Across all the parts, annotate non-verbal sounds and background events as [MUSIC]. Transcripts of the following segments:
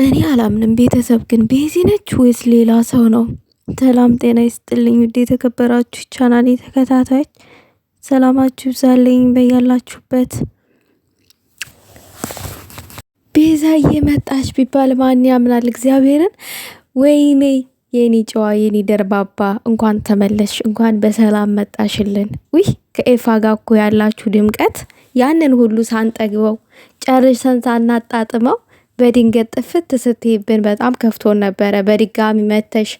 እኔ አላምንም። ቤተሰብ ግን ቤዚ ነች ወይስ ሌላ ሰው ነው? ሰላም ጤና ይስጥልኝ ውድ የተከበራችሁ ቻናል ተከታታዮች ሰላማችሁ ይብዛልኝ በያላችሁበት። ቤዛ እየመጣች ቢባል ማን ያምናል? እግዚአብሔርን ወይኔ የኔ ጨዋ የኔ ደርባባ እንኳን ተመለሽ እንኳን በሰላም መጣሽልን። ውይ ከኤፋ ጋር እኮ ያላችሁ ድምቀት ያንን ሁሉ ሳንጠግበው ጨርሰን ሳናጣጥመው በድንገት ጥፍት ስትይብን በጣም ከፍቶን ነበረ። በድጋሚ መተሽ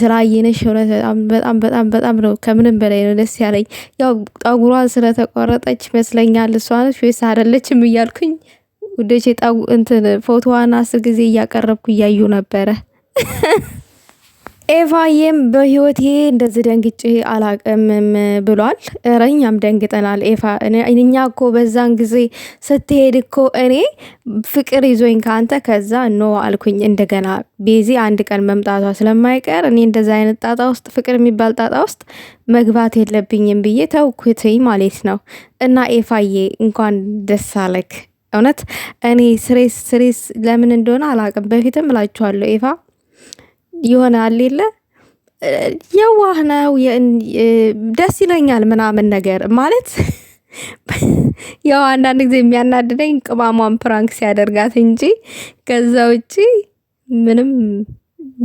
ስላየነሽ እውነት በጣም በጣም በጣም ነው ከምንም በላይ ነው ደስ ያለኝ። ያው ጠጉሯን ስለተቆረጠች ይመስለኛል እሷ ነች ወይስ አይደለችም እያልኩኝ ውዶቼ እንትን ፎቶዋን አስር ጊዜ እያቀረብኩ እያዩ ነበረ። [LAUGHS] ኤቫዬም በህይወቴ እንደዚህ ደንግጬ አላቅምም ብሏል። እኛም ደንግጠናል። ኤፋ እኛ እኮ በዛን ጊዜ ስትሄድ እኮ እኔ ፍቅር ይዞኝ ከአንተ ከዛ ኖ አልኩኝ። እንደገና ቤዚ አንድ ቀን መምጣቷ ስለማይቀር እኔ እንደዚ አይነት ጣጣ ውስጥ ፍቅር የሚባል ጣጣ ውስጥ መግባት የለብኝም ብዬ ተውኩትኝ ማለት ነው። እና ኤፋዬ እንኳን ደስ አለክ። እውነት እኔ ስሬስ ስሬስ ለምን እንደሆነ አላቅም። በፊትም እላችኋለሁ ኤፋ የሆነ አሌለ የዋህ ነው ደስ ይለኛል ምናምን ነገር ማለት [LAUGHS] ያው አንዳንድ ጊዜ የሚያናድደኝ ቅማሟን ፕራንክ ሲያደርጋት እንጂ ከዛ ውጪ ምንም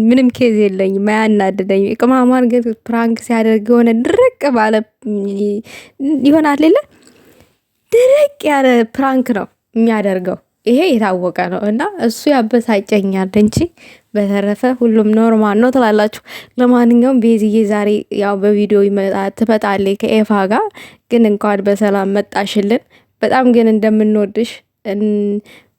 ምንም ኬዝ የለኝ አያናድደኝ። ቅማሟን ግን ፕራንክ ሲያደርግ የሆነ ድርቅ ባለ ይሆናል የለ ድርቅ ያለ ፕራንክ ነው የሚያደርገው። ይሄ የታወቀ ነው እና እሱ ያበሳጨኛል እንጂ በተረፈ ሁሉም ኖርማል ነው ትላላችሁ። ለማንኛውም ቤዝዬ ዛሬ ያው በቪዲዮ ትመጣለች ከኤፋ ጋር ግን እንኳን በሰላም መጣሽልን። በጣም ግን እንደምንወድሽ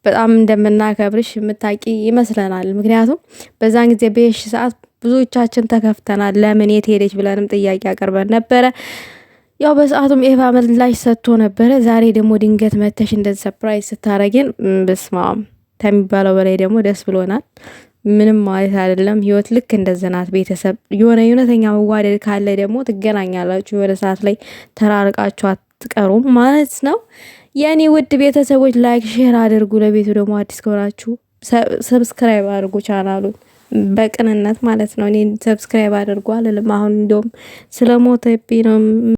በጣም እንደምናከብርሽ የምታቂ ይመስለናል። ምክንያቱም በዛን ጊዜ በሽ ሰዓት ብዙዎቻችን ተከፍተናል። ለምን የት ሄደች ብለንም ጥያቄ አቅርበን ነበረ። ያው በሰዓቱም ኤቫ ምላሽ ሰጥቶ ነበረ። ዛሬ ደግሞ ድንገት መተሽ እንደዚህ ሰፕራይዝ ስታረግን በስማ ከሚባለው በላይ ደግሞ ደስ ብሎናል። ምንም ማለት አይደለም። ህይወት ልክ እንደዚህ ናት። ቤተሰብ የሆነ እውነተኛ መዋደድ ካለ ደግሞ ትገናኛላችሁ። የሆነ ሰዓት ላይ ተራርቃችሁ አትቀሩም ማለት ነው። የእኔ ውድ ቤተሰቦች ላይክ፣ ሼር አድርጉ። ለቤቱ ደግሞ አዲስ ከሆናችሁ ሰብስክራይብ አድርጉ ቻናሉን በቅንነት ማለት ነው። እኔ ሰብስክራይብ አድርጉ አልልም። አሁን እንዲሁም ስለ ሞተብኝ ነው።